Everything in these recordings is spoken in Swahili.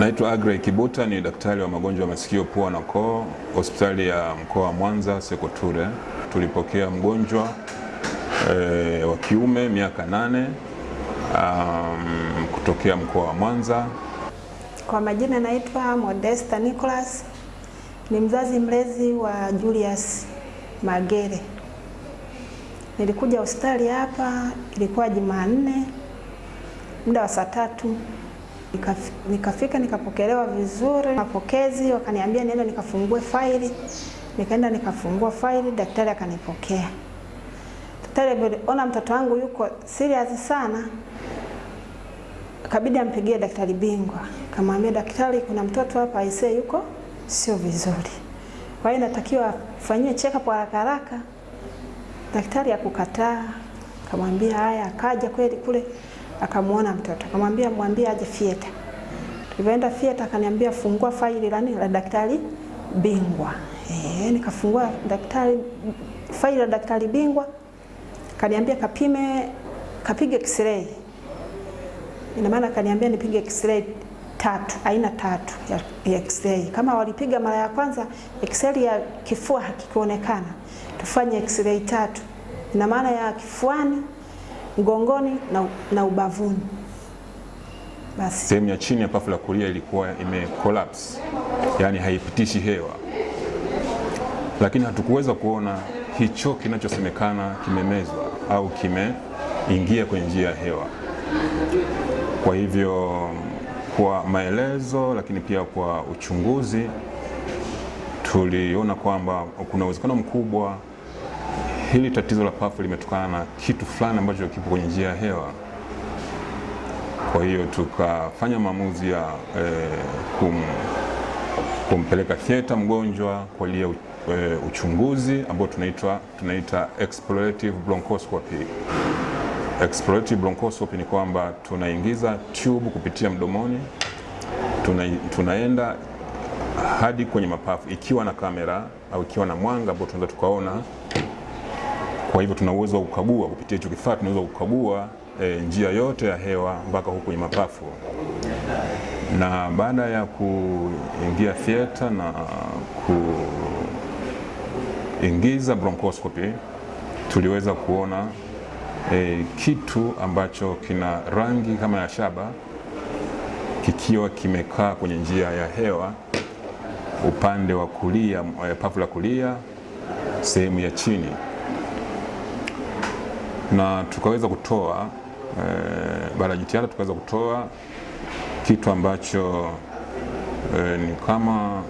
Naitwa Agrey Kibuta, ni daktari wa magonjwa ya masikio, pua na koo, hospitali ya mkoa wa Mwanza Sekoture. Tulipokea mgonjwa e, wa kiume miaka nane, um, kutokea mkoa wa Mwanza. Kwa majina naitwa Modesta Nicholas, ni mzazi mlezi wa Julius Magere. Nilikuja hospitali hapa, ilikuwa Jumanne muda wa saa tatu Nikafika nikapokelewa vizuri, mapokezi wakaniambia nienda nikafungue faili, nikaenda nikafungua faili, daktari akanipokea. Daktari alipoona mtoto wangu yuko serious sana, kabidi ampigie daktari bingwa, kamwambia daktari, kuna mtoto hapa aisee, yuko sio vizuri, kwa hiyo natakiwa afanyiwe check up haraka haraka. Daktari akukataa, kamwambia haya, akaja kweli kule akamwona mtoto akamwambia mwambie aje fieta. Tulivyoenda fieta, akaniambia fungua faili la la daktari bingwa eh, nikafungua daktari faili la daktari bingwa, kaniambia kapime, kapige x-ray. Ina maana kaniambia nipige x-ray tatu, aina tatu ya, ya x-ray. Kama walipiga mara ya kwanza x-ray ya kifua hakikuonekana, tufanye x-ray tatu, ina maana ya kifuani mgongoni na, na ubavuni. Basi sehemu ya chini ya pafu la kulia ilikuwa ime collapse, yani haipitishi hewa, lakini hatukuweza kuona hicho kinachosemekana kimemezwa au kimeingia kwenye njia ya hewa. Kwa hivyo kwa maelezo lakini pia kwa uchunguzi tuliona kwamba kuna uwezekano mkubwa hili tatizo la pafu limetokana na kitu fulani ambacho kipo kwenye njia ya hewa. Kwa hiyo tukafanya maamuzi ya e, kum, kumpeleka theta mgonjwa kwa ajili ya e, uchunguzi ambao tunaita tunaita explorative bronchoscopy. Explorative bronchoscopy ni kwamba tunaingiza tube kupitia mdomoni, tuna, tunaenda hadi kwenye mapafu ikiwa na kamera au ikiwa na mwanga ambao tunaweza tukaona kwa hivyo tuna uwezo wa kukagua kupitia hicho kifaa, tunaweza kukagua e, njia yote ya hewa mpaka huko kwenye mapafu. Na baada ya kuingia theater na kuingiza bronchoscopy tuliweza kuona e, kitu ambacho kina rangi kama ya shaba kikiwa kimekaa kwenye njia ya hewa upande wa kulia, e, pafu la kulia sehemu ya chini na tukaweza kutoa e, baada ya jitihada tukaweza kutoa kitu ambacho e, ni kama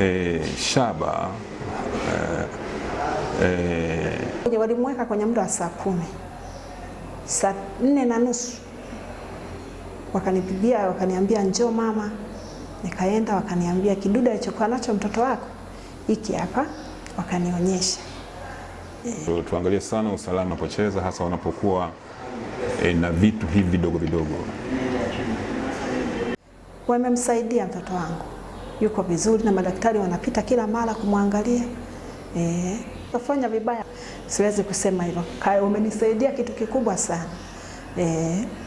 e, shaba e, e, walimweka kwenye muda wa saa kumi saa nne na nusu wakanipigia wakaniambia, njoo mama. Nikaenda wakaniambia, kidude alichokuwa nacho mtoto wako hiki hapa, wakanionyesha. Tuangalie sana usalama unapocheza, hasa wanapokuwa e, eh, na vitu hivi vidogo vidogo. Wamemsaidia mtoto wangu, yuko vizuri na madaktari wanapita kila mara kumwangalia. Eh, afanya vibaya, siwezi kusema hivyo. Umenisaidia kitu kikubwa sana eh.